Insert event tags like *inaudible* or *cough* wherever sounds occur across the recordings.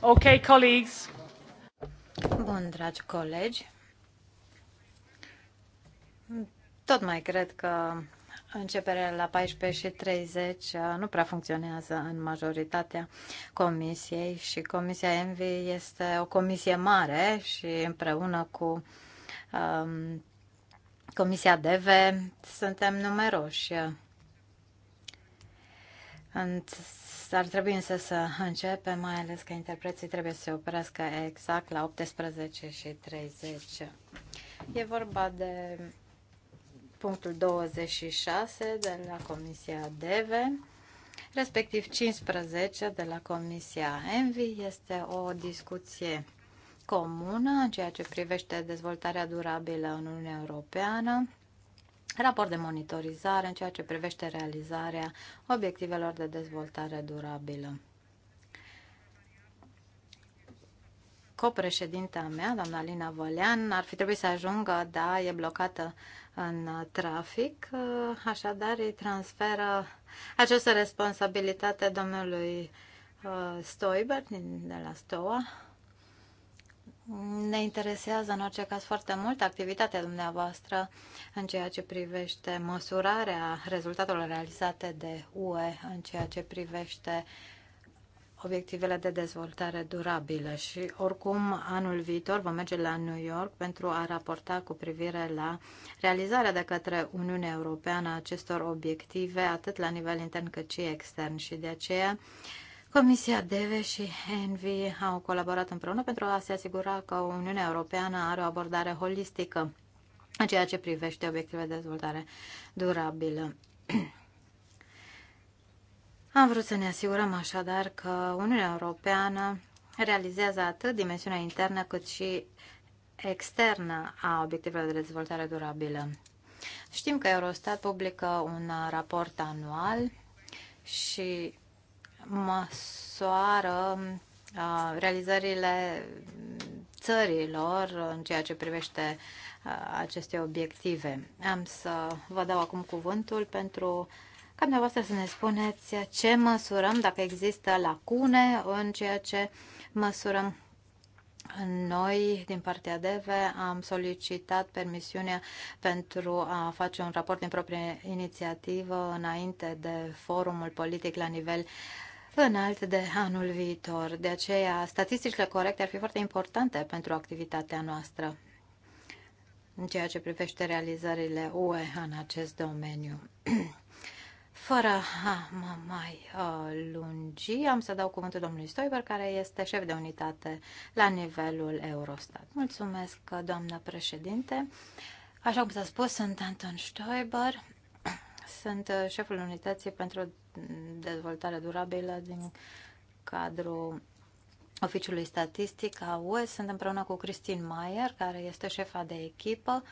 Ok, colleagues. Bun, dragi colegi. Tot mai cred că începerea la 14 și 30 uh, nu prea funcționează în majoritatea comisiei și Comisia Envi este o comisie mare și împreună cu um, Comisia DEVE suntem numeroși. În ar trebui însă să începem, mai ales că interpreții trebuie să se oprească exact la 18 și 30. E vorba de punctul 26 de la Comisia DEVE, respectiv 15 de la Comisia ENVI. Este o discuție comună în ceea ce privește dezvoltarea durabilă în Uniunea Europeană raport de monitorizare în ceea ce privește realizarea obiectivelor de dezvoltare durabilă. copreședinta mea, doamna Lina Volean, ar fi trebuit să ajungă, da, e blocată în trafic, așadar îi transferă această responsabilitate domnului uh, Stoiber de la STOA. Ne interesează în orice caz foarte mult activitatea dumneavoastră în ceea ce privește măsurarea rezultatelor realizate de UE, în ceea ce privește obiectivele de dezvoltare durabilă și oricum anul viitor vom merge la New York pentru a raporta cu privire la realizarea de către Uniunea Europeană a acestor obiective atât la nivel intern cât și extern și de aceea Comisia DEVE și ENVI au colaborat împreună pentru a se asigura că Uniunea Europeană are o abordare holistică în ceea ce privește obiective de dezvoltare durabilă. Am vrut să ne asigurăm așadar că Uniunea Europeană realizează atât dimensiunea internă cât și externă a obiectivelor de dezvoltare durabilă. Știm că Eurostat publică un raport anual și măsoară uh, realizările țărilor în ceea ce privește uh, aceste obiective. Am să vă dau acum cuvântul pentru ca dumneavoastră să ne spuneți ce măsurăm, dacă există lacune în ceea ce măsurăm. Noi, din partea DEVE, am solicitat permisiunea pentru a face un raport din proprie inițiativă înainte de forumul politic la nivel înalt de anul viitor. De aceea, statisticile corecte ar fi foarte importante pentru activitatea noastră în ceea ce privește realizările UE în acest domeniu. *clears throat* Fără a mă mai uh, lungi, am să dau cuvântul domnului Stoiber, care este șef de unitate la nivelul Eurostat. Mulțumesc, doamnă președinte. Așa cum s-a spus, sunt Anton Stoiber sunt uh, șeful unității pentru dezvoltare durabilă din cadrul Oficiului Statistic a UE. Sunt împreună cu Cristin Mayer, care este șefa de echipă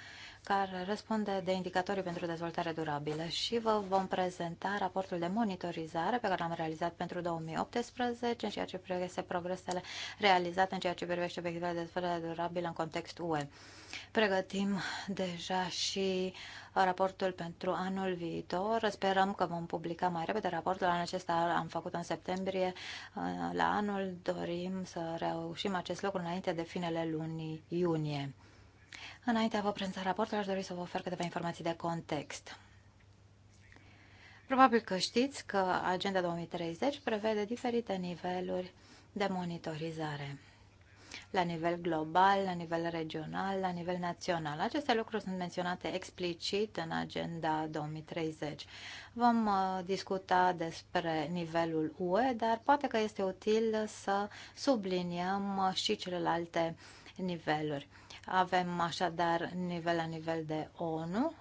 care răspunde de indicatorii pentru dezvoltare durabilă și vă vom prezenta raportul de monitorizare pe care l-am realizat pentru 2018 în ceea ce privește progresele realizate în ceea ce privește obiectivele de dezvoltare durabilă în context UE. Pregătim deja și raportul pentru anul viitor. Sperăm că vom publica mai repede raportul. Anul acesta am făcut în septembrie. La anul dorim să reușim acest lucru înainte de finele lunii iunie. Înainte vă prezenta raportul, aș dori să vă ofer câteva informații de context. Probabil că știți că Agenda 2030 prevede diferite niveluri de monitorizare la nivel global, la nivel regional, la nivel național. Aceste lucruri sunt menționate explicit în Agenda 2030. Vom uh, discuta despre nivelul UE, dar poate că este util să subliniem uh, și celelalte niveluri. Avem așadar nivel la nivel de ONU.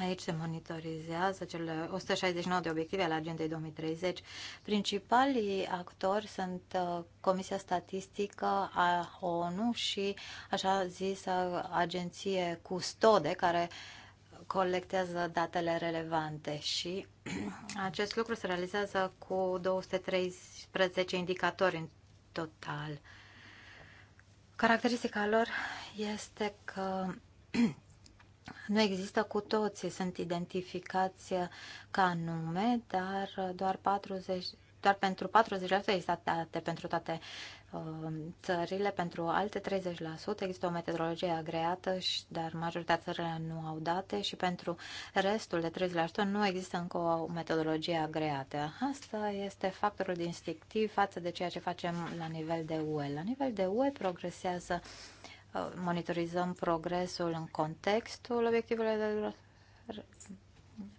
Aici se monitorizează cele 169 de obiective ale Agendei 2030. Principalii actori sunt uh, Comisia Statistică a ONU și așa zis agenție Custode, care colectează datele relevante și *clears throat* acest lucru se realizează cu 213 indicatori în total. Caracteristica lor este că nu există cu toții, sunt identificați ca nume, dar doar 40, doar pentru 40% există date pentru toate Um, țările, pentru alte 30% există o metodologie agreată, dar majoritatea țările nu au date și pentru restul de 30% nu există încă o metodologie agreată. Asta este factorul distinctiv față de ceea ce facem la nivel de UE. La nivel de UE progresează, uh, monitorizăm progresul în contextul obiectivelor de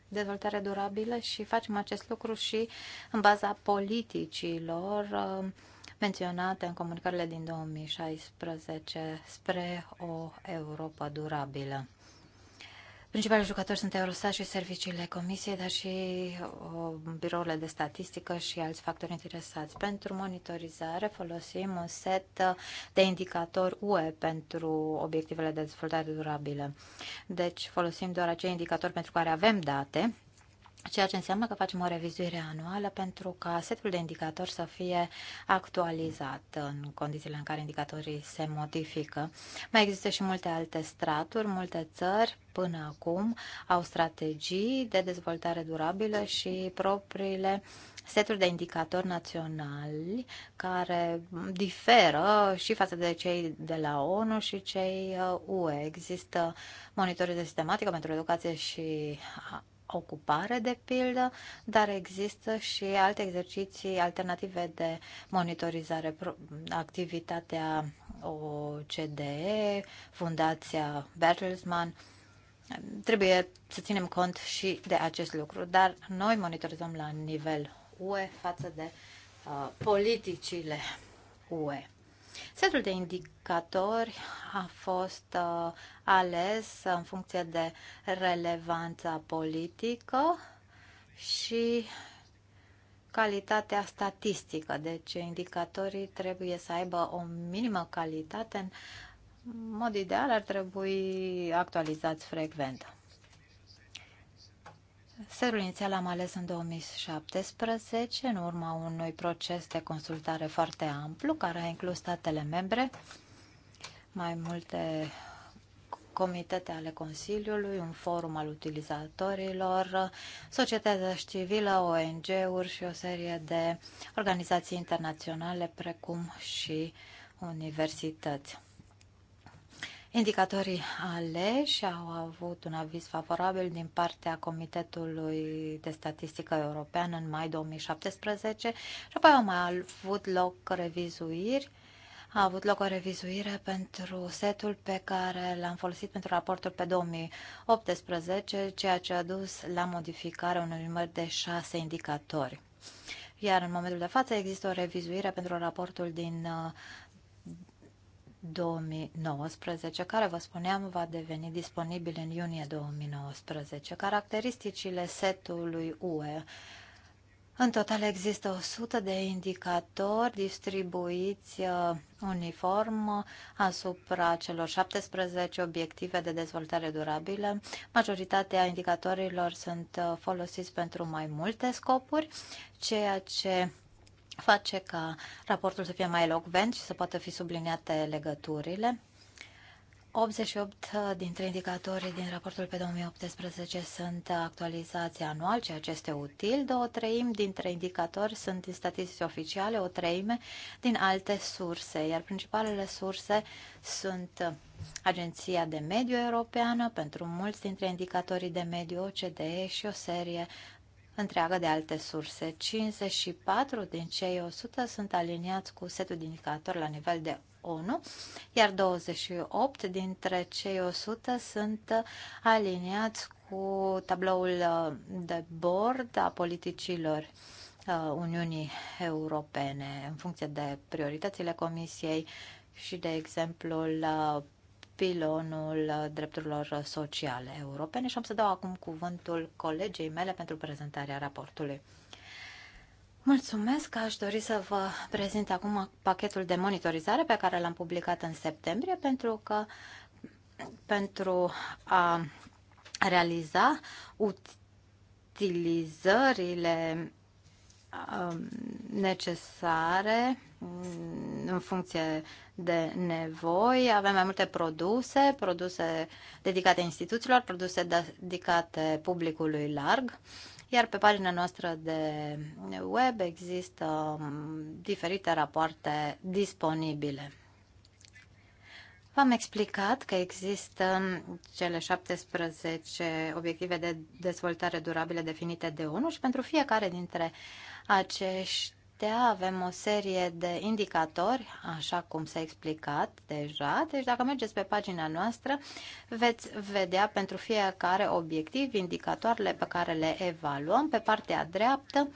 dezvoltare durabilă și facem acest lucru și în baza politicilor uh, menționate în comunicările din 2016 spre o Europa durabilă. Principalii jucători sunt Eurostat și serviciile Comisiei, dar și birourile de statistică și alți factori interesați. Pentru monitorizare folosim un set de indicatori UE pentru obiectivele de dezvoltare durabilă. Deci folosim doar acei indicatori pentru care avem date ceea ce înseamnă că facem o revizuire anuală pentru ca setul de indicatori să fie actualizat în condițiile în care indicatorii se modifică. Mai există și multe alte straturi, multe țări până acum au strategii de dezvoltare durabilă și propriile seturi de indicatori naționali care diferă și față de cei de la ONU și cei UE. Uh, există monitorizare sistematică pentru educație și ocupare, de pildă, dar există și alte exerciții alternative de monitorizare. Activitatea OCDE, Fundația Bertelsmann, trebuie să ținem cont și de acest lucru, dar noi monitorizăm la nivel UE față de uh, politicile UE. Setul de indicatori a fost uh, ales în funcție de relevanța politică și calitatea statistică. Deci indicatorii trebuie să aibă o minimă calitate. În mod ideal ar trebui actualizați frecvent. Serul inițial am ales în 2017, în urma unui proces de consultare foarte amplu, care a inclus statele membre, mai multe comitete ale Consiliului, un forum al utilizatorilor, societatea civilă, ONG-uri și o serie de organizații internaționale, precum și universități. Indicatorii aleși au avut un aviz favorabil din partea Comitetului de Statistică European în mai 2017 și apoi au mai avut loc revizuiri. A avut loc o revizuire pentru setul pe care l-am folosit pentru raportul pe 2018, ceea ce a dus la modificarea unui număr de șase indicatori. Iar în momentul de față există o revizuire pentru raportul din uh, 2019, care, vă spuneam, va deveni disponibil în iunie 2019. Caracteristicile setului UE. În total există 100 de indicatori distribuiți uh, uniform uh, asupra celor 17 obiective de dezvoltare durabilă. Majoritatea indicatorilor sunt uh, folosiți pentru mai multe scopuri, ceea ce face ca raportul să fie mai elocvent și să poată fi subliniate legăturile. 88 dintre indicatorii din raportul pe 2018 sunt actualizați anual, ceea ce este util. Două treimi dintre indicatori sunt din statistici oficiale, o treime din alte surse, iar principalele surse sunt Agenția de Mediu Europeană pentru mulți dintre indicatorii de mediu OCDE și o serie întreagă de alte surse. 54 din cei 100 sunt aliniați cu setul de indicatori la nivel de ONU, iar 28 dintre cei 100 sunt aliniați cu tabloul uh, de bord a politicilor uh, Uniunii Europene în funcție de prioritățile Comisiei și de exemplul pilonul drepturilor sociale europene și am să dau acum cuvântul colegei mele pentru prezentarea raportului. Mulțumesc, aș dori să vă prezint acum pachetul de monitorizare pe care l-am publicat în septembrie pentru că pentru a realiza utilizările Um, necesare în funcție de nevoi. Avem mai multe produse, produse dedicate instituțiilor, produse dedicate publicului larg. Iar pe pagina noastră de web există um, diferite rapoarte disponibile. V-am explicat că există cele 17 obiective de dezvoltare durabilă definite de ONU și pentru fiecare dintre uh, aceștia avem o serie de indicatori, așa cum s-a explicat deja. Deci dacă mergeți pe pagina noastră, veți vedea pentru fiecare obiectiv indicatoarele pe care le evaluăm. Pe partea dreaptă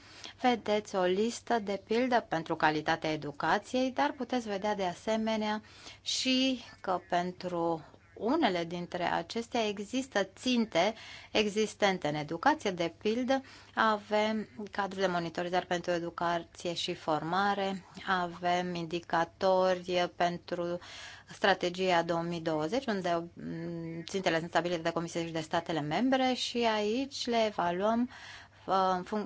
vedeți o listă de pildă pentru calitatea educației, dar puteți vedea de asemenea și că pentru unele dintre acestea există ținte existente în educație. De pildă, avem cadrul de monitorizare pentru educație și formare, avem indicatori pentru strategia 2020, unde mm, țintele sunt stabilite de Comisie și de statele membre și aici le evaluăm uh,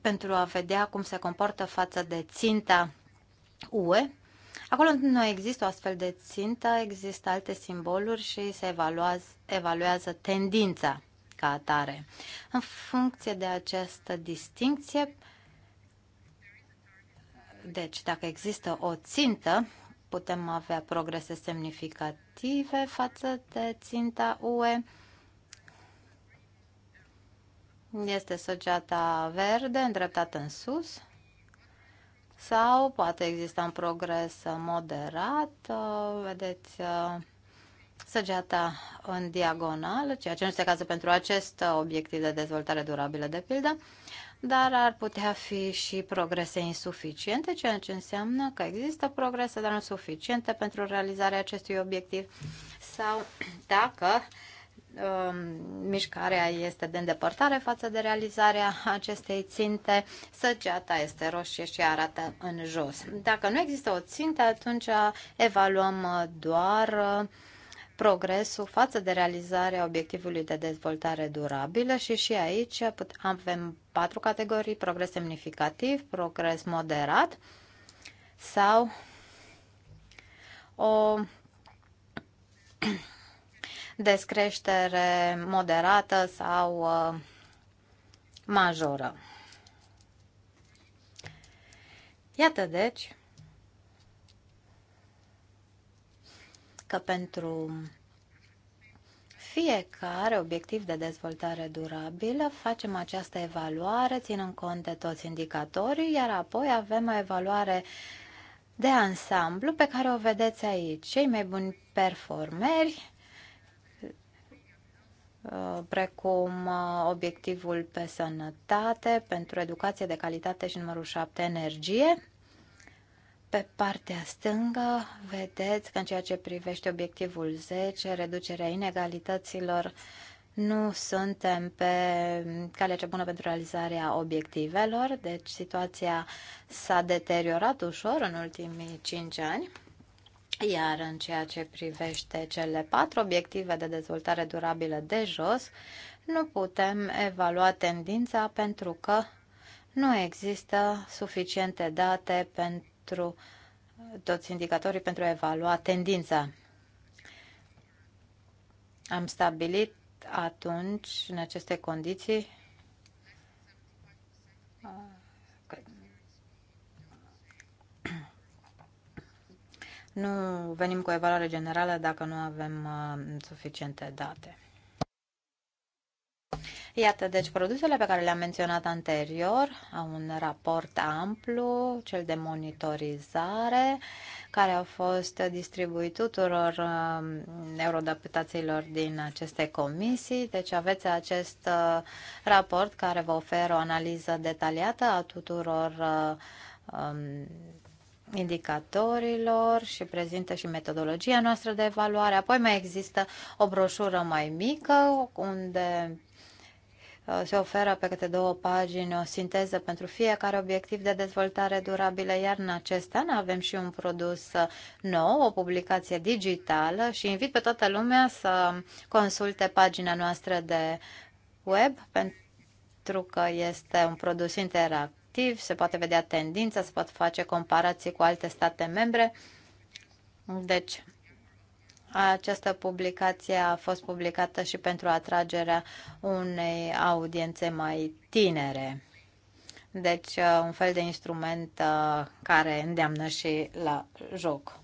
pentru a vedea cum se comportă față de ținta UE Acolo nu există o astfel de țintă, există alte simboluri și se evaluează, evaluează tendința ca atare. În funcție de această distinție, deci dacă există o țintă, putem avea progrese semnificative față de ținta UE. Este soggeata verde, îndreptată în sus sau poate exista un progres uh, moderat, uh, vedeți uh, săgeata în diagonală, ceea ce nu este cazul pentru acest obiectiv de dezvoltare durabilă, de pildă, dar ar putea fi și progrese insuficiente, ceea ce înseamnă că există progrese, dar nu suficiente pentru realizarea acestui obiectiv, sau *clears throat* dacă Um, mișcarea este de îndepărtare față de realizarea acestei ținte, săgeata este roșie și arată în jos. Dacă nu există o țintă, atunci evaluăm doar uh, progresul față de realizarea obiectivului de dezvoltare durabilă și și aici avem patru categorii, progres semnificativ, progres moderat sau o descreștere moderată sau uh, majoră. Iată deci că pentru fiecare obiectiv de dezvoltare durabilă facem această evaluare ținând cont de toți indicatorii, iar apoi avem o evaluare de ansamblu pe care o vedeți aici. Cei mai buni performeri Uh, precum uh, obiectivul pe sănătate, pentru educație de calitate și numărul 7, energie. Pe partea stângă vedeți că în ceea ce privește obiectivul 10, reducerea inegalităților, nu suntem pe calea cea bună pentru realizarea obiectivelor, deci situația s-a deteriorat ușor în ultimii 5 ani. Iar în ceea ce privește cele patru obiective de dezvoltare durabilă de jos, nu putem evalua tendința pentru că nu există suficiente date pentru toți indicatorii pentru a evalua tendința. Am stabilit atunci, în aceste condiții, Nu venim cu o evaluare generală dacă nu avem uh, suficiente date. Iată, deci produsele pe care le-am menționat anterior au un raport amplu, cel de monitorizare, care a fost distribuit tuturor uh, eurodeputaților din aceste comisii. Deci aveți acest uh, raport care vă oferă o analiză detaliată a tuturor um, indicatorilor și prezintă și metodologia noastră de evaluare. Apoi mai există o broșură mai mică unde uh, se oferă pe câte două pagini o sinteză pentru fiecare obiectiv de dezvoltare durabilă, iar în acest an avem și un produs uh, nou, o publicație digitală și invit pe toată lumea să consulte pagina noastră de web pentru că este un produs interactiv comparativ, se poate vedea tendința, se pot face comparații cu alte state membre. Deci, această publicație a fost publicată și pentru atragerea unei audiențe mai tinere. Deci, uh, un fel de instrument uh, care îndeamnă și la joc.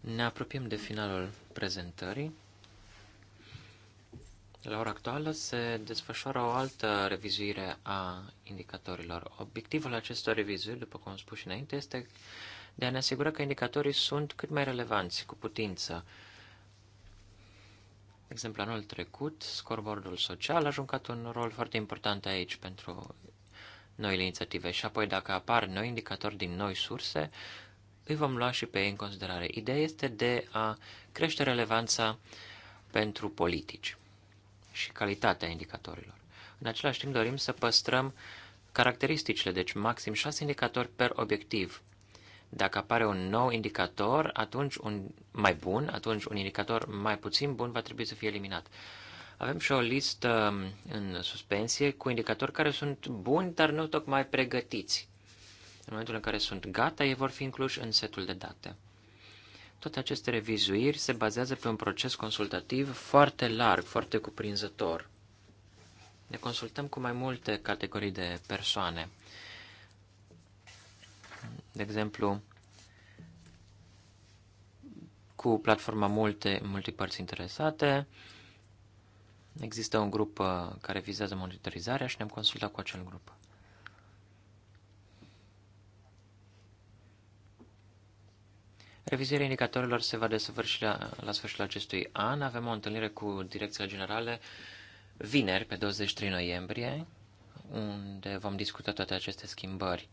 Ne apropiem de finalul prezentării. La ora actuală se desfășoară o altă revizuire a indicatorilor. Obiectivul acestor revizuiri, după cum am spus și înainte, este de a ne asigura că indicatorii sunt cât mai relevanți, cu putință. De exemplu, anul trecut, scoreboardul social a jucat un rol foarte important aici pentru noile inițiative și apoi dacă apar noi indicatori din noi surse, îi vom lua și pe ei în considerare. Ideea este de a crește relevanța pentru politici și calitatea indicatorilor. În același timp dorim să păstrăm caracteristicile, deci maxim 6 indicatori per obiectiv. Dacă apare un nou indicator, atunci un mai bun, atunci un indicator mai puțin bun va trebui să fie eliminat. Avem și o listă um, în suspensie cu indicatori care sunt buni, dar nu tocmai pregătiți. În momentul în care sunt gata, ei vor fi incluși în setul de date. Toate aceste revizuiri se bazează pe un proces consultativ foarte larg, foarte cuprinzător. Ne consultăm cu mai multe categorii de persoane. De exemplu, cu platforma multe, multe părți interesate. Există un grup uh, care vizează monitorizarea și ne-am consultat cu acel grup. Revizuirea indicatorilor se va desfășura la, la sfârșitul acestui an. Avem o întâlnire cu direcțiile generale vineri, pe 23 noiembrie, unde vom discuta toate aceste schimbări.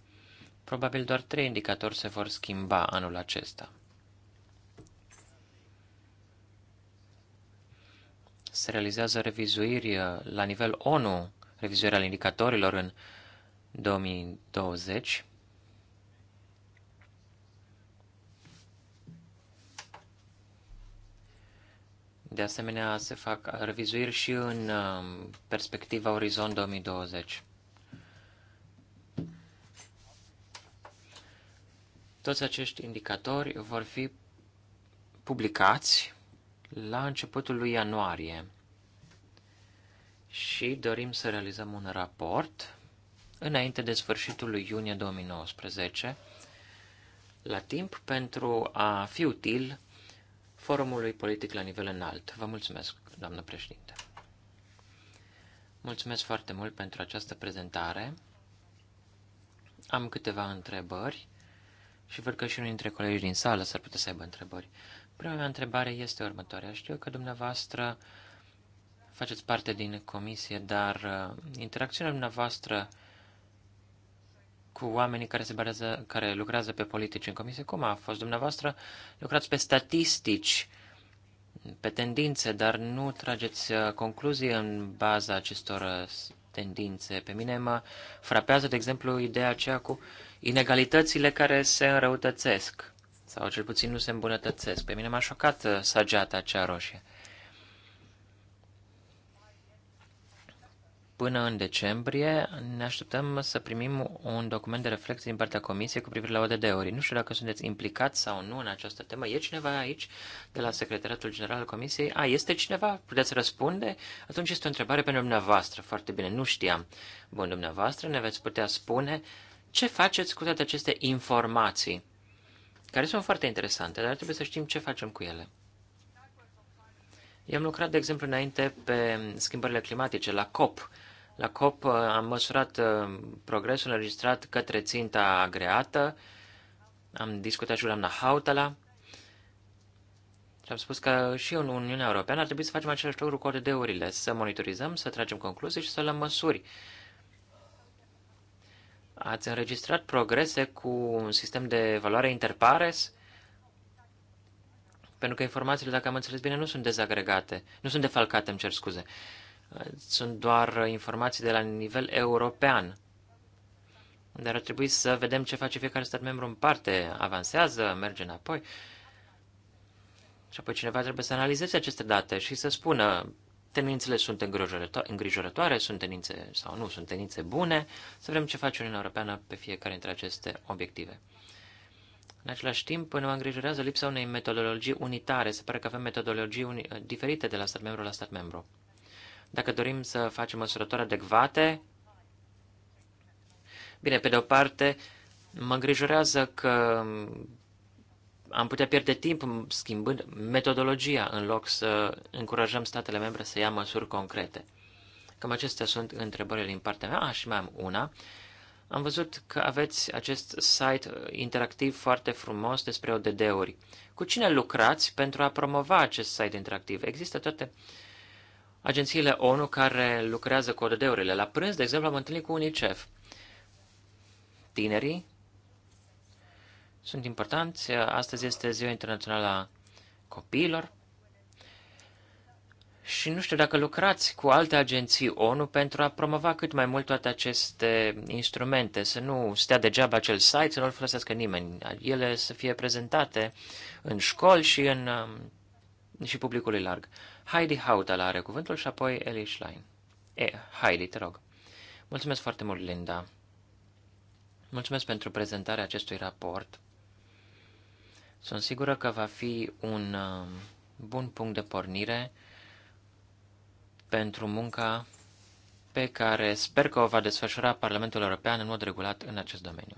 Probabil doar trei indicatori se vor schimba anul acesta. Se realizează revizuiri uh, la nivel ONU, revizuirea indicatorilor în 2020 De asemenea, se fac revizuiri și în um, perspectiva Orizont 2020. Toți acești indicatori vor fi publicați la începutul lui ianuarie și dorim să realizăm un raport înainte de sfârșitul lui iunie 2019 la timp pentru a fi util forumului politic la nivel înalt. Vă mulțumesc, doamnă președinte. Mulțumesc foarte mult pentru această prezentare. Am câteva întrebări și văd că și unul dintre colegii din sală s-ar putea să aibă întrebări. Prima mea întrebare este următoarea. Știu că dumneavoastră faceți parte din comisie, dar uh, interacțiunea dumneavoastră cu oamenii care, se barează, care lucrează pe politici în comisie. Cum a fost dumneavoastră? Lucrați pe statistici, pe tendințe, dar nu trageți uh, concluzii în baza acestor uh, tendințe. Pe mine mă frapează, de exemplu, ideea aceea cu inegalitățile care se înrăutățesc sau cel puțin nu se îmbunătățesc. Pe mine m-a șocat uh, săgeata aceea roșie. Până în decembrie ne așteptăm să primim un document de reflexie din partea Comisiei cu privire la ODD-uri. Nu știu dacă sunteți implicați sau nu în această temă. E cineva aici de la Secretariatul General al Comisiei? A, este cineva? Puteți răspunde? Atunci este o întrebare pentru dumneavoastră. Foarte bine, nu știam. Bun, dumneavoastră ne veți putea spune ce faceți cu toate aceste informații, care sunt foarte interesante, dar trebuie să știm ce facem cu ele. Eu am lucrat, de exemplu, înainte pe schimbările climatice, la COP, la COP uh, am măsurat uh, progresul înregistrat către ținta agreată, am discutat și la doamna Hautala și am spus că și în Uniunea Europeană ar trebui să facem același lucru cu ODD-urile, să monitorizăm, să tragem concluzii și să luăm măsuri. Ați înregistrat progrese cu un sistem de valoare interpares? Pentru că informațiile, dacă am înțeles bine, nu sunt dezagregate, nu sunt defalcate, îmi cer scuze. Uh, sunt doar informații de la nivel european. Dar ar trebui să vedem ce face fiecare stat membru în parte. Avansează, merge înapoi. Și apoi cineva trebuie să analizeze aceste date și să spună tendințele sunt îngrijorătoare, sunt tendințe sau nu, sunt tendințe bune, să vedem ce face Uniunea Europeană pe fiecare dintre aceste obiective. În același timp, ne îngrijorează lipsa unei metodologii unitare. Se pare că avem metodologii uni- diferite de la stat membru la stat membru. Dacă dorim să facem măsurători adecvate, bine, pe de o parte, mă îngrijorează că am putea pierde timp schimbând metodologia în loc să încurajăm statele membre să ia măsuri concrete. Cam acestea sunt întrebările din partea mea. A, și mai am una. Am văzut că aveți acest site interactiv foarte frumos despre ODD-uri. Cu cine lucrați pentru a promova acest site interactiv? Există toate uh, agențiile ONU care lucrează cu ODD-urile. La prânz, de exemplu, am întâlnit cu UNICEF. Tinerii sunt importanți. Astăzi este Ziua Internațională a Copiilor. Și nu știu dacă lucrați cu alte agenții ONU pentru a promova cât mai mult toate aceste instrumente, să nu stea degeaba acel site, să nu-l folosească nimeni. Ele să fie prezentate în școli și în um, și publicului larg. Heidi Hautala are cuvântul și apoi Eli Schlein. E, Heidi, te rog. Mulțumesc foarte mult, Linda. Mulțumesc pentru prezentarea acestui raport. Sunt sigură că va fi un um, bun punct de pornire pentru munca pe care sper că o va desfășura Parlamentul European în mod regulat în acest domeniu.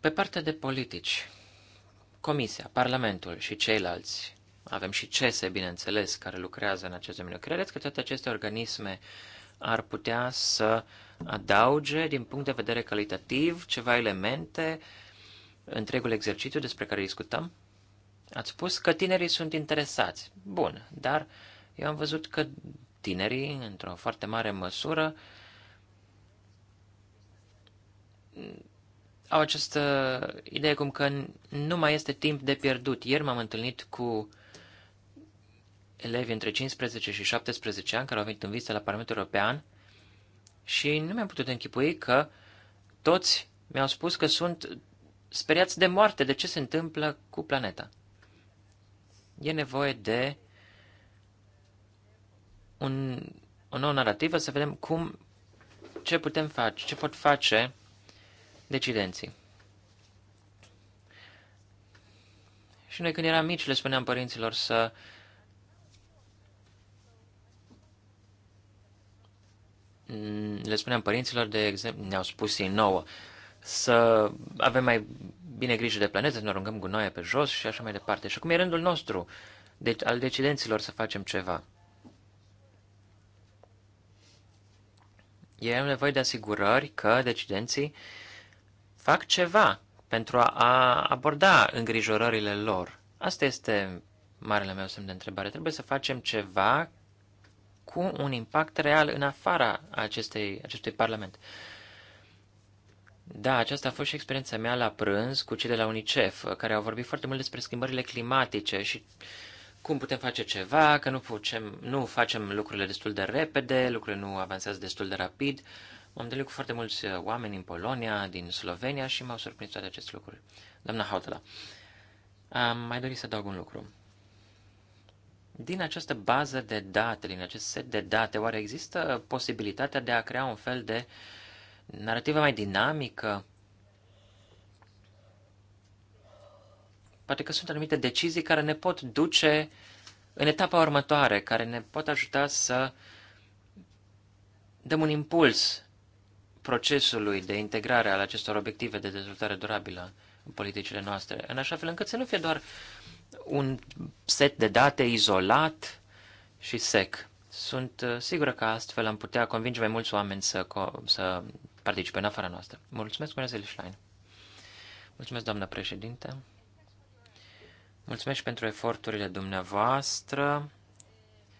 Pe partea de politici, Comisia, Parlamentul și ceilalți, avem și CESE, bineînțeles, care lucrează în acest domeniu. Credeți că toate aceste organisme ar putea să adauge, din punct de vedere calitativ, ceva elemente întregul exercițiu despre care discutăm? Ați spus că tinerii sunt interesați. Bun, dar eu am văzut că tinerii, într-o foarte mare măsură, au această idee cum că nu mai este timp de pierdut. Ieri m-am întâlnit cu elevi între 15 și 17 ani care au venit în vizită la Parlamentul European și nu mi-am putut închipui că toți mi-au spus că sunt speriați de moarte, de ce se întâmplă cu planeta. E nevoie de un, o nouă narrativă, să vedem cum, ce putem face, ce pot face decidenții. Și noi când eram mici le spuneam părinților să le spuneam părinților, de exemplu, ne-au spus ei nouă, să avem mai bine grijă de planetă, să ne aruncăm gunoaie pe jos și așa mai departe. Și acum e rândul nostru, de, deci, al decidenților, să facem ceva. Ei am nevoie de asigurări că decidenții uh, fac ceva pentru a aborda îngrijorările lor. Asta este marele meu semn de întrebare. Trebuie să facem ceva cu un impact real în afara acestei, acestui parlament. Da, aceasta a fost și experiența mea la prânz cu cei de la UNICEF, care au vorbit foarte mult despre schimbările climatice și cum putem face ceva, că nu, putem, nu facem lucrurile destul de repede, lucrurile nu avansează destul de rapid. Uh, M-am întâlnit cu foarte mulți uh, oameni din Polonia, din Slovenia și m-au surprins toate aceste lucruri. Doamna Hautala, am mai dorit să adaug un lucru. Din această bază de date, din acest set de date, oare există posibilitatea de a crea un fel de narrativă mai dinamică? Poate că sunt anumite decizii care ne pot duce în etapa următoare, care ne pot ajuta să dăm un impuls procesului de integrare al acestor obiective de dezvoltare durabilă în politicile noastre, în așa fel încât să nu fie doar un set de date izolat și sec. Sunt uh, sigură că astfel am putea convinge mai mulți oameni să, să participe în afara noastră. Mulțumesc, Bună Schlein. Mulțumesc, doamnă președinte. Mulțumesc și pentru eforturile dumneavoastră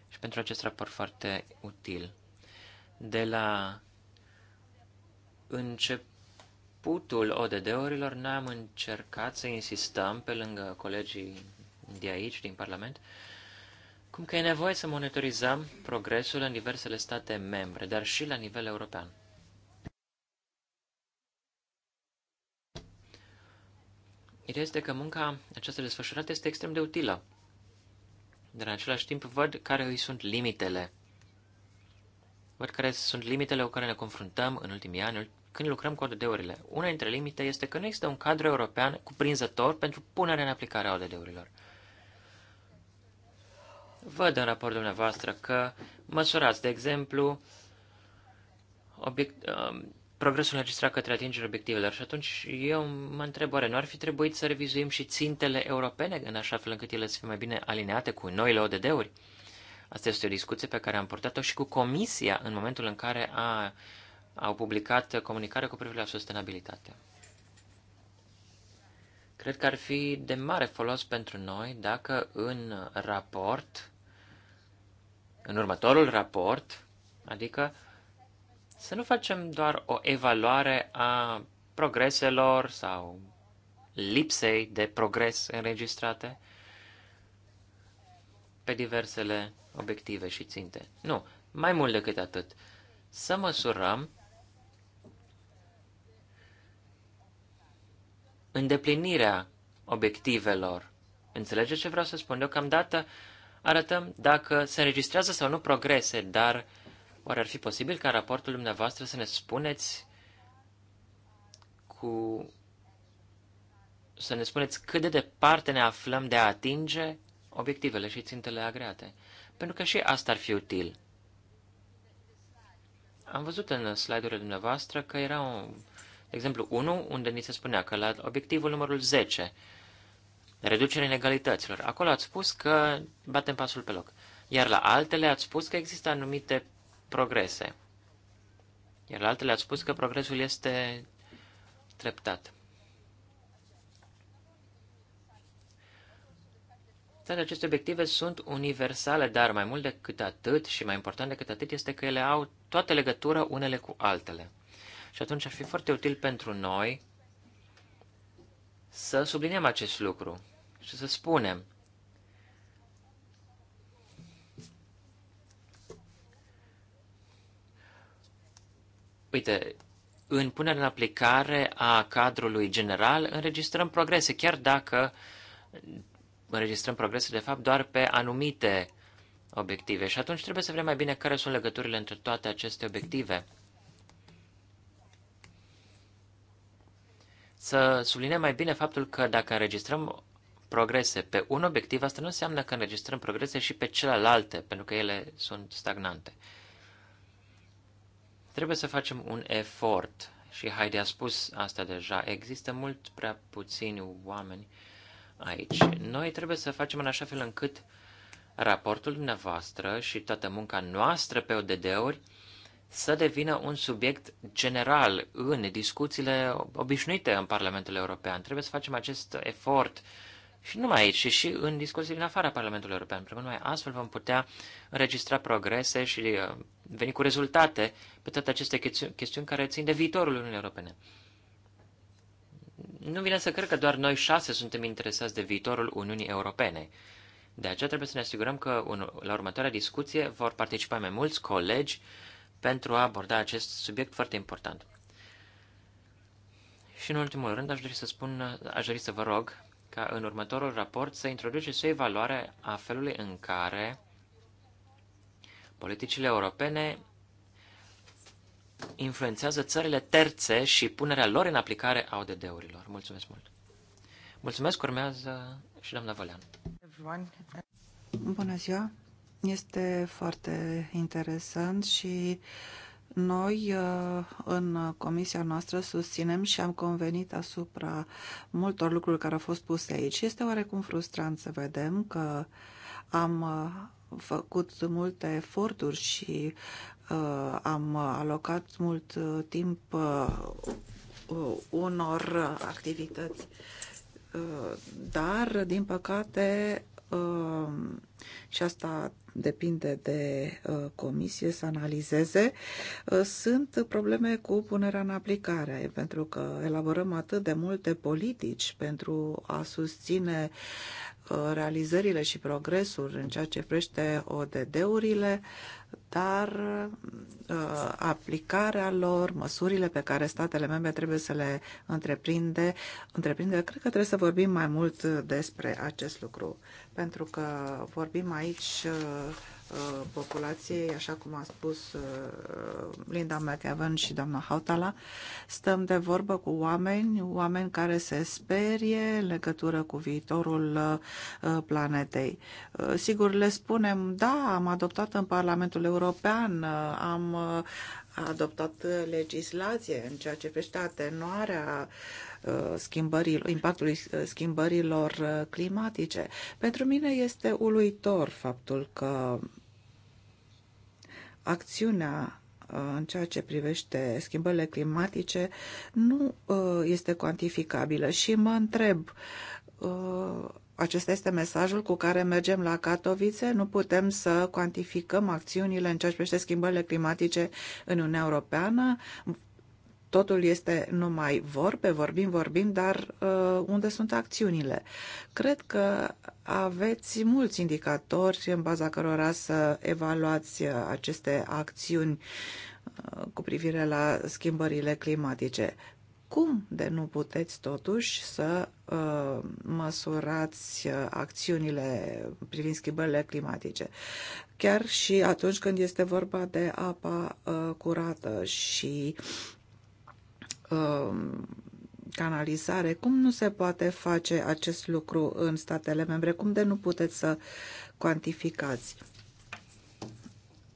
și pentru acest raport foarte util. De la începutul ODD-urilor, noi am încercat să insistăm, pe lângă colegii de aici, din Parlament, cum că e nevoie să monitorizăm progresul în diversele state membre, dar și la nivel european. Ideea este că munca aceasta desfășurată este extrem de utilă, dar în același timp văd care îi sunt limitele. Văd care sunt limitele cu care ne confruntăm în ultimii ani, când lucrăm cu ODD-urile. Una dintre limite este că nu există un cadru european cuprinzător pentru punerea în aplicare a ODD-urilor. Văd în raportul dumneavoastră că măsurați, de exemplu, obiect, um, progresul înregistrat către atingerea obiectivelor. Și atunci eu mă întreb, oare nu ar fi trebuit să revizuim și țintele europene în așa fel încât ele să fie mai bine alineate cu noile ODD-uri? Asta este o discuție pe care am purtat-o și cu Comisia în momentul în care a au publicat comunicare cu privire la sustenabilitate. Cred că ar fi de mare folos pentru noi dacă în raport, în următorul raport, adică să nu facem doar o evaluare a progreselor sau lipsei de progres înregistrate pe diversele obiective și ținte. Nu, mai mult decât atât, să măsurăm îndeplinirea obiectivelor. Înțelegeți ce vreau să spun? Deocamdată arătăm dacă se înregistrează sau nu progrese, dar oare ar fi posibil ca raportul dumneavoastră să ne spuneți cu să ne spuneți cât de departe ne aflăm de a atinge obiectivele și țintele agreate. Pentru că și asta ar fi util. Am văzut în slide-urile dumneavoastră că era un, exemplu 1, unde ni se spunea că la obiectivul numărul 10, reducerea inegalităților, acolo ați spus că batem pasul pe loc. Iar la altele ați spus că există anumite progrese. Iar la altele ați spus că progresul este treptat. Toate aceste obiective sunt universale, dar mai mult decât atât și mai important decât atât este că ele au toată legătură unele cu altele. Și atunci ar fi foarte util pentru noi să subliniem acest lucru și să spunem Uite, în punerea în aplicare a cadrului general înregistrăm progrese, chiar dacă înregistrăm progrese, de fapt, doar pe anumite obiective. Și atunci trebuie să vedem mai bine care sunt legăturile între toate aceste obiective. să subliniem mai bine faptul că dacă înregistrăm progrese pe un obiectiv, asta nu înseamnă că înregistrăm progrese și pe celelalte, pentru că ele sunt stagnante. Trebuie să facem un efort și Heidi a spus asta deja. Există mult prea puțini oameni aici. Noi trebuie să facem în așa fel încât raportul dumneavoastră și toată munca noastră pe ODD-uri să devină un subiect general în discuțiile obișnuite în Parlamentul European. Trebuie să facem acest efort și numai aici, și, și în discuțiile în afara Parlamentului European, pentru că numai astfel vom putea înregistra progrese și uh, veni cu rezultate pe toate aceste chestiuni care țin de viitorul Uniunii Europene. Nu vine să cred că doar noi șase suntem interesați de viitorul Uniunii Europene. De aceea trebuie să ne asigurăm că la următoarea discuție vor participa mai mulți colegi pentru a aborda acest subiect foarte important. Și în ultimul rând aș dori să spun, aș dori să vă rog ca în următorul raport să introduceți o evaluare a felului în care politicile europene influențează țările terțe și punerea lor în aplicare a ODD-urilor. Mulțumesc mult! Mulțumesc, urmează și doamna Vălean. Bună ziua! Este foarte interesant și noi uh, în comisia noastră susținem și am convenit asupra multor lucruri care au fost puse aici. Este oarecum frustrant să vedem că am uh, făcut multe eforturi și uh, am alocat mult timp unor activități. Dar, din păcate, Um, și asta depinde de uh, comisie să analizeze, uh, sunt probleme cu punerea în aplicare, pentru că elaborăm atât de multe politici pentru a susține uh, realizările și progresul în ceea ce prește ODD-urile, dar uh, aplicarea lor, măsurile pe care statele membre trebuie să le întreprinde, întreprinde, cred că trebuie să vorbim mai mult despre acest lucru, pentru că vorbim aici uh, Uh, populației, așa cum a spus uh, Linda McEvan și doamna Hautala. Stăm de vorbă cu oameni, oameni care se sperie în legătură cu viitorul uh, planetei. Sigur, le spunem, da, am adoptat în Parlamentul European, am adoptat legislație în ceea ce privește atenuarea Uh, uh, schimbărilor, impactului uh, schimbărilor climatice. Pentru mine este uluitor faptul că acțiunea în ceea ce privește schimbările climatice nu este cuantificabilă și mă întreb acesta este mesajul cu care mergem la Katowice. Nu putem să cuantificăm acțiunile în ceea ce privește schimbările climatice în Uniunea Europeană totul este numai vorbe, vorbim, vorbim, dar uh, unde sunt acțiunile? Cred că aveți mulți indicatori în baza cărora să evaluați uh, aceste acțiuni uh, cu privire la schimbările climatice. Cum de nu puteți totuși să uh, măsurați uh, acțiunile privind schimbările climatice? Chiar și atunci când este vorba de apa uh, curată și uh, Um, canalizare. Cum nu se poate face acest lucru în statele membre? Cum de nu puteți să cuantificați?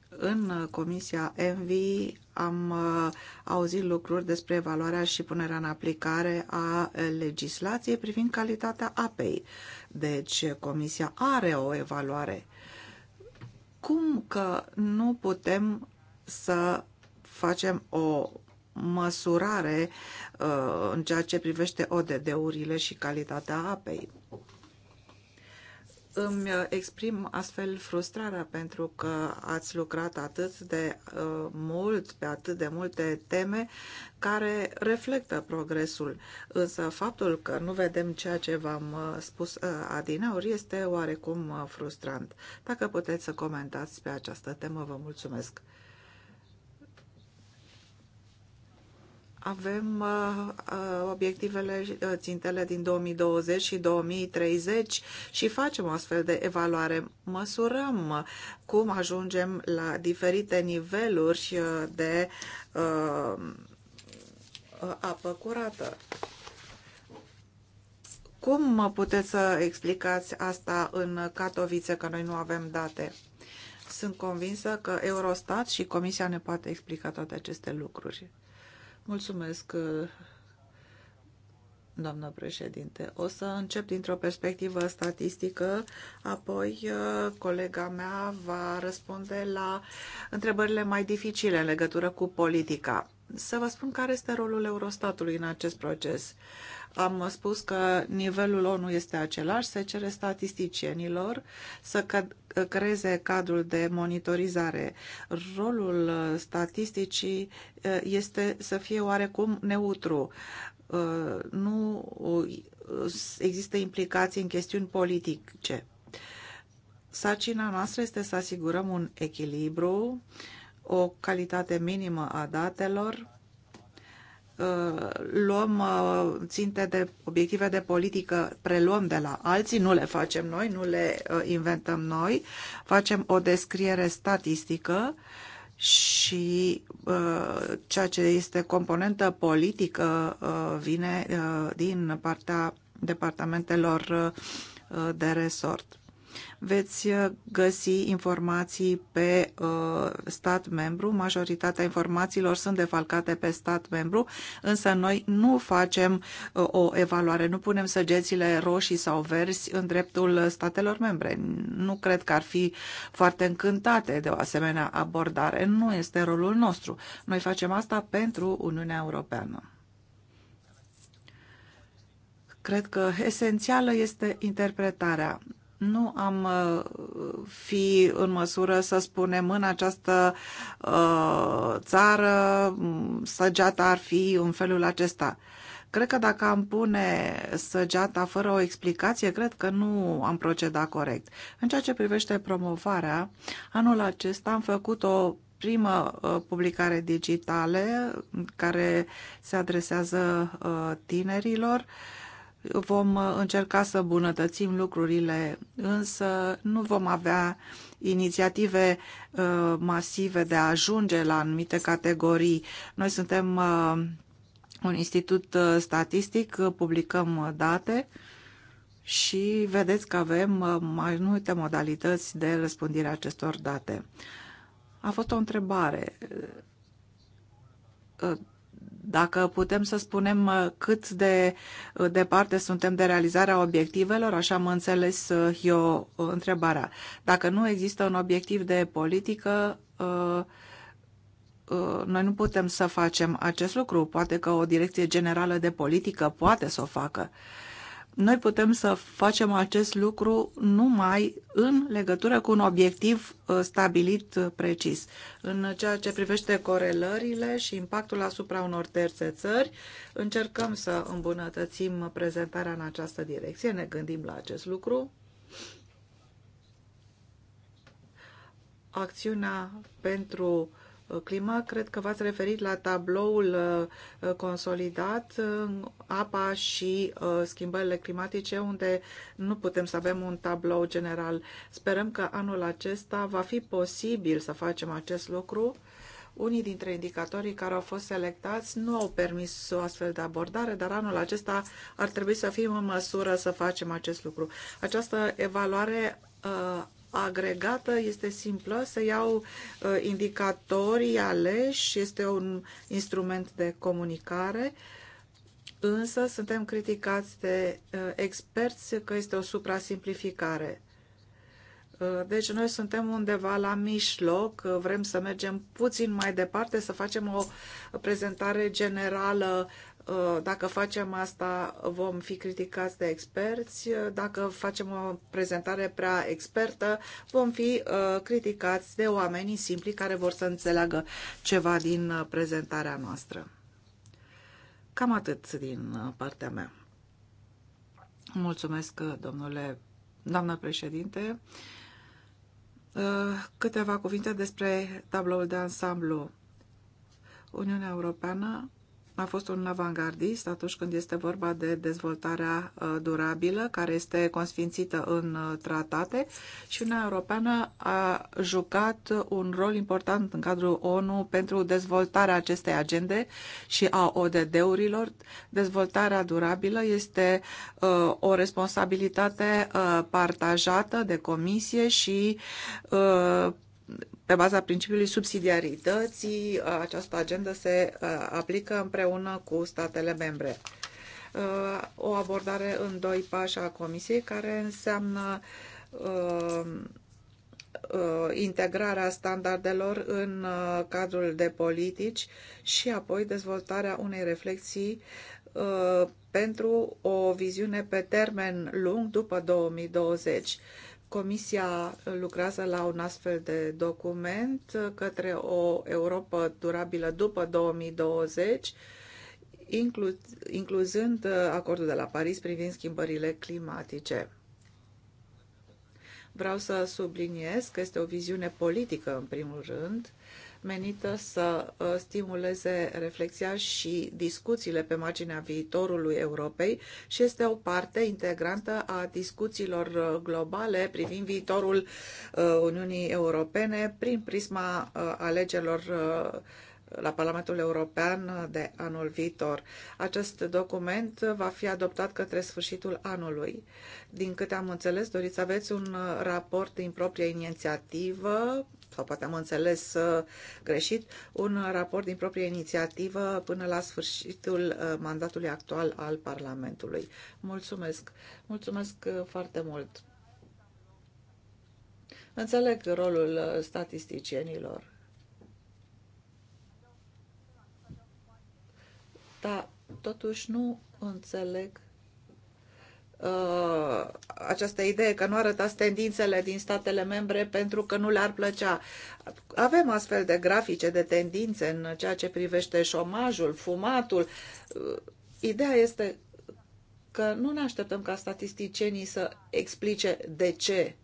În uh, Comisia ENVI am uh, auzit lucruri despre evaluarea și punerea în aplicare a legislației privind calitatea apei. Deci Comisia are o evaluare. Cum că nu putem să facem o măsurare uh, în ceea ce privește ODD-urile și calitatea apei. Îmi uh, exprim astfel frustrarea pentru că ați lucrat atât de uh, mult pe atât de multe teme care reflectă progresul. Însă faptul că nu vedem ceea ce v-am spus adineori este oarecum frustrant. Dacă puteți să comentați pe această temă, vă mulțumesc. avem uh, uh obiectivele, uh, țintele din 2020 și 2030 și facem o astfel de evaluare. Măsurăm cum ajungem la diferite niveluri uh, de uh, apă curată. Cum puteți să explicați asta în Katowice, că noi nu avem date? Sunt convinsă că Eurostat și Comisia ne poate explica toate aceste lucruri. Mulțumesc, uh, doamnă președinte. O să încep dintr-o perspectivă statistică, apoi uh, colega mea va răspunde la întrebările mai dificile în legătură cu politica să vă spun care este rolul Eurostatului în acest proces. Am spus că nivelul ONU este același, se cere statisticienilor să creeze cadrul de monitorizare. Rolul statisticii eh, este să fie oarecum neutru. Eh, nu există implicații în chestiuni politice. Sacina noastră este să asigurăm un echilibru uh, o calitate minimă a datelor, uh, luăm uh, ținte de obiective de politică, preluăm de la alții, nu le facem noi, nu le uh, inventăm noi, facem o descriere statistică și ceea ce este componentă politică vine din partea departamentelor de resort veți uh, găsi informații pe uh, stat membru. Majoritatea informațiilor sunt defalcate pe stat membru, însă noi nu facem uh, o evaluare, nu punem săgețile roșii sau verzi în dreptul statelor membre. Nu cred că ar fi foarte încântate de o asemenea abordare. Nu este rolul nostru. Noi facem asta pentru Uniunea Europeană cred că esențială este interpretarea nu am uh, fi în măsură să spunem în această uh, țară săgeata ar fi în felul acesta. Cred că dacă am pune săgeata fără o explicație, cred că nu am procedat corect. În ceea ce privește promovarea, anul acesta am făcut o primă uh, publicare digitale care se adresează tinerilor vom uh, încerca să bunătățim lucrurile, însă nu vom avea inițiative uh, masive de a ajunge la anumite categorii. Noi suntem uh, un institut uh, statistic, uh, publicăm uh, date și vedeți că avem mai multe modalități de răspândire a acestor date. A fost o întrebare dacă putem să spunem uh, cât de uh, departe suntem de realizarea obiectivelor, așa am înțeles uh, eu întrebarea. Dacă nu există un obiectiv de politică, noi nu putem să facem acest lucru. Poate că o direcție generală de politică poate să o facă. Noi putem să facem acest lucru numai în legătură cu un obiectiv uh, stabilit uh, precis. În ceea ce privește corelările și impactul asupra unor terțe țări, încercăm să îmbunătățim prezentarea în această direcție, ne gândim la acest lucru. Acțiunea pentru uh, Clima, cred că v-ați referit la tabloul uh, consolidat, uh, apa și uh, schimbările climatice, unde nu putem să avem un tablou general. Sperăm că anul acesta va fi posibil să facem acest lucru. Unii dintre indicatorii care au fost selectați nu au permis o astfel de abordare, dar anul acesta ar trebui să fim în măsură să facem acest lucru. Această evaluare agregată este simplă, se iau uh, indicatorii aleși, este un instrument de comunicare, însă suntem criticați de uh, experți că este o suprasimplificare. Uh, deci noi suntem undeva la mijloc, vrem să mergem puțin mai departe, să facem o prezentare generală Uh, dacă facem asta, vom fi criticați de experți. Uh, dacă facem o prezentare prea expertă, vom fi uh, criticați de oamenii simpli care vor să înțeleagă ceva din prezentarea noastră. Cam atât din partea mea. Mulțumesc, domnule, doamnă președinte. Câteva cuvinte despre tabloul de ansamblu. Uniunea Europeană a fost un avangardist atunci când este vorba de dezvoltarea uh, durabilă, care este consfințită în uh, tratate și Uniunea Europeană a jucat un rol important în cadrul ONU pentru dezvoltarea acestei agende și a ODD-urilor. Dezvoltarea durabilă este uh, o responsabilitate partajată de comisie și pe baza principiului subsidiarității, uh, această agendă se uh, aplică împreună cu statele membre. Uh, o abordare în doi pași a Comisiei, care înseamnă integrarea standardelor în cadrul de politici și apoi dezvoltarea unei reflexii pentru o viziune pe termen lung după 2020 Comisia lucrează la un astfel de document către o Europa durabilă după 2020, inclu incluzând acordul de la Paris privind schimbările climatice. Vreau să subliniez că este o viziune politică, în primul rând, menită să uh, stimuleze reflexia și discuțiile pe marginea viitorului Europei și este o parte integrantă a discuțiilor uh, globale privind viitorul uh, Uniunii Europene prin prisma alegerilor la Parlamentul European de anul viitor. Acest document va fi adoptat către sfârșitul anului. Din câte am înțeles, doriți să aveți un raport din proprie inițiativă sau poate am înțeles uh, greșit, un raport din proprie inițiativă până la sfârșitul uh, mandatului actual al Parlamentului. Mulțumesc! Mulțumesc uh, foarte mult! Înțeleg rolul statisticienilor. Dar totuși nu înțeleg Uh, această idee că nu arătați tendințele din statele membre pentru că nu le-ar plăcea. Avem astfel de grafice de tendințe în ceea ce privește șomajul, fumatul. Uh, ideea este că nu ne așteptăm ca statisticienii să explice de ce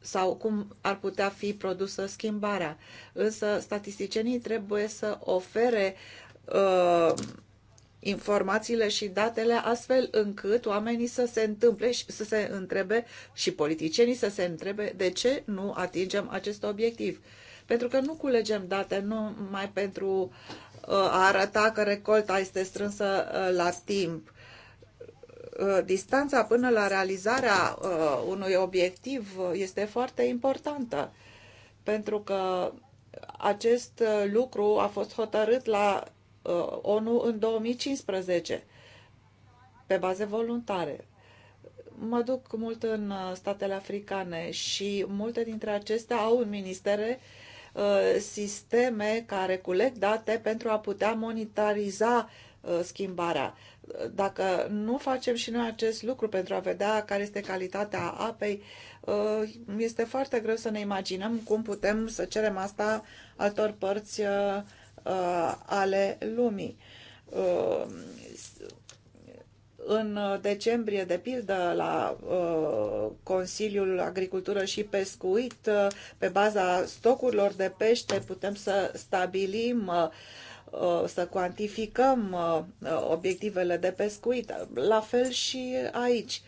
sau cum ar putea fi produsă schimbarea. Însă statisticienii trebuie să ofere uh, informațiile și datele astfel încât oamenii să se întâmple și să se întrebe și politicienii să se întrebe de ce nu atingem acest obiectiv. Pentru că nu culegem date numai pentru uh, a arăta că recolta este strânsă uh, la timp. Uh, distanța până la realizarea unui obiectiv este foarte importantă, pentru că acest lucru a fost hotărât la Uh, ONU în 2015 pe baze voluntare. Mă duc mult în uh, statele africane și multe dintre acestea au în ministere uh, sisteme care culeg date pentru a putea monitoriza schimbarea. Dacă nu facem și noi acest lucru pentru a vedea care este calitatea apei, este foarte greu să ne imaginăm cum putem să cerem asta altor părți uh, ale lumii. Uh, în decembrie, de pildă, la uh, Consiliul Agricultură și Pescuit, uh, pe baza stocurilor de pește, putem să stabilim uh, uh să cuantificăm uh, uh, obiectivele de pescuit. La fel și aici.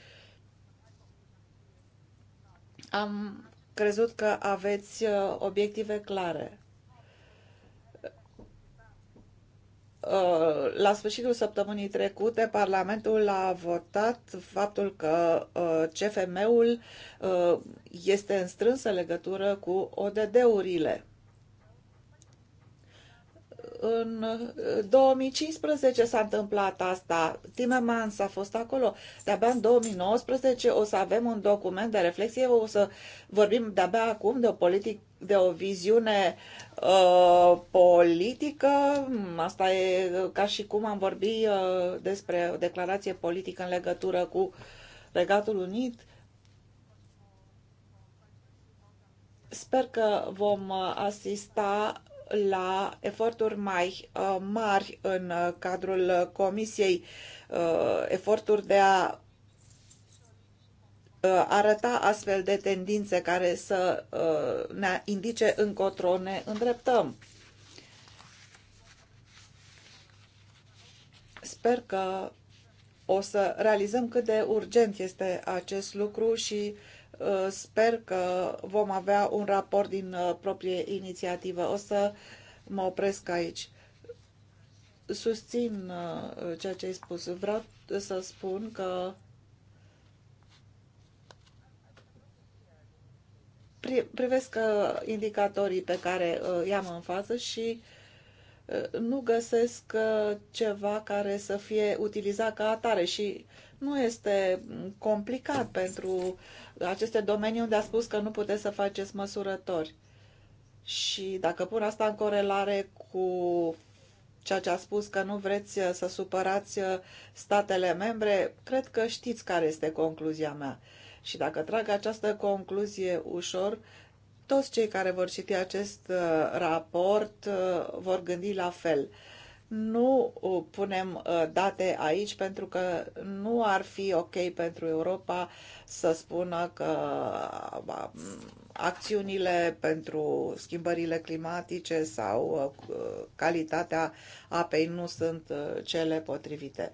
Am crezut că aveți obiective clare. Uh, la sfârșitul săptămânii trecute, Parlamentul a votat faptul că uh, CFM-ul uh, este în strânsă legătură cu ODD-urile. În 2015 s-a întâmplat asta, Timmermans a fost acolo, de-abia în 2019 o să avem un document de reflexie, o să vorbim de-abia acum de o politică de o viziune uh, politică. Asta e ca și cum am vorbit uh, despre o declarație politică în legătură cu Regatul Unit. Sper că vom uh, asista la eforturi mai uh, mari în uh, cadrul Comisiei, eforturi de a Uh, arăta astfel de tendințe care să uh, ne indice încotro ne îndreptăm. Sper că o să realizăm cât de urgent este acest lucru și uh, sper că vom avea un raport din proprie inițiativă. O să mă opresc aici. Susțin ceea ce ai spus. Vreau să spun că privesc uh, indicatorii pe care uh, i-am în față și uh, nu găsesc ceva care să fie utilizat ca atare și nu este mm, complicat pentru aceste domenii unde a spus că nu puteți să faceți măsurători. Și dacă pun asta în corelare cu ceea ce a spus că nu vreți să supărați statele membre, cred că știți care este concluzia mea. Și dacă trag această concluzie ușor, toți cei care vor citi acest uh, raport uh, vor gândi la fel. Nu uh, punem date aici pentru că nu ar fi ok pentru Europa să spună că acțiunile pentru schimbările climatice sau calitatea apei nu sunt cele potrivite.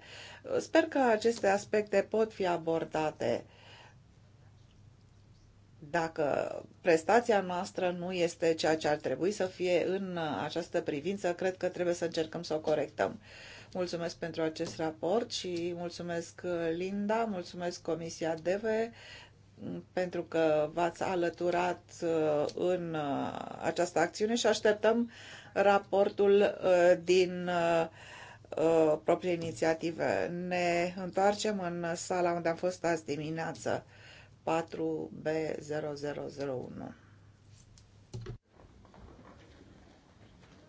Sper că aceste aspecte pot fi abordate dacă prestația noastră nu este ceea ce ar trebui să fie în această privință, cred că trebuie să încercăm să o corectăm. Mulțumesc pentru acest raport și mulțumesc uh, Linda, mulțumesc Comisia DEVE pentru că v-ați alăturat uh, în uh, această acțiune și așteptăm raportul din proprie inițiative. Ne întoarcem în sala unde am fost azi dimineață. 4B0001.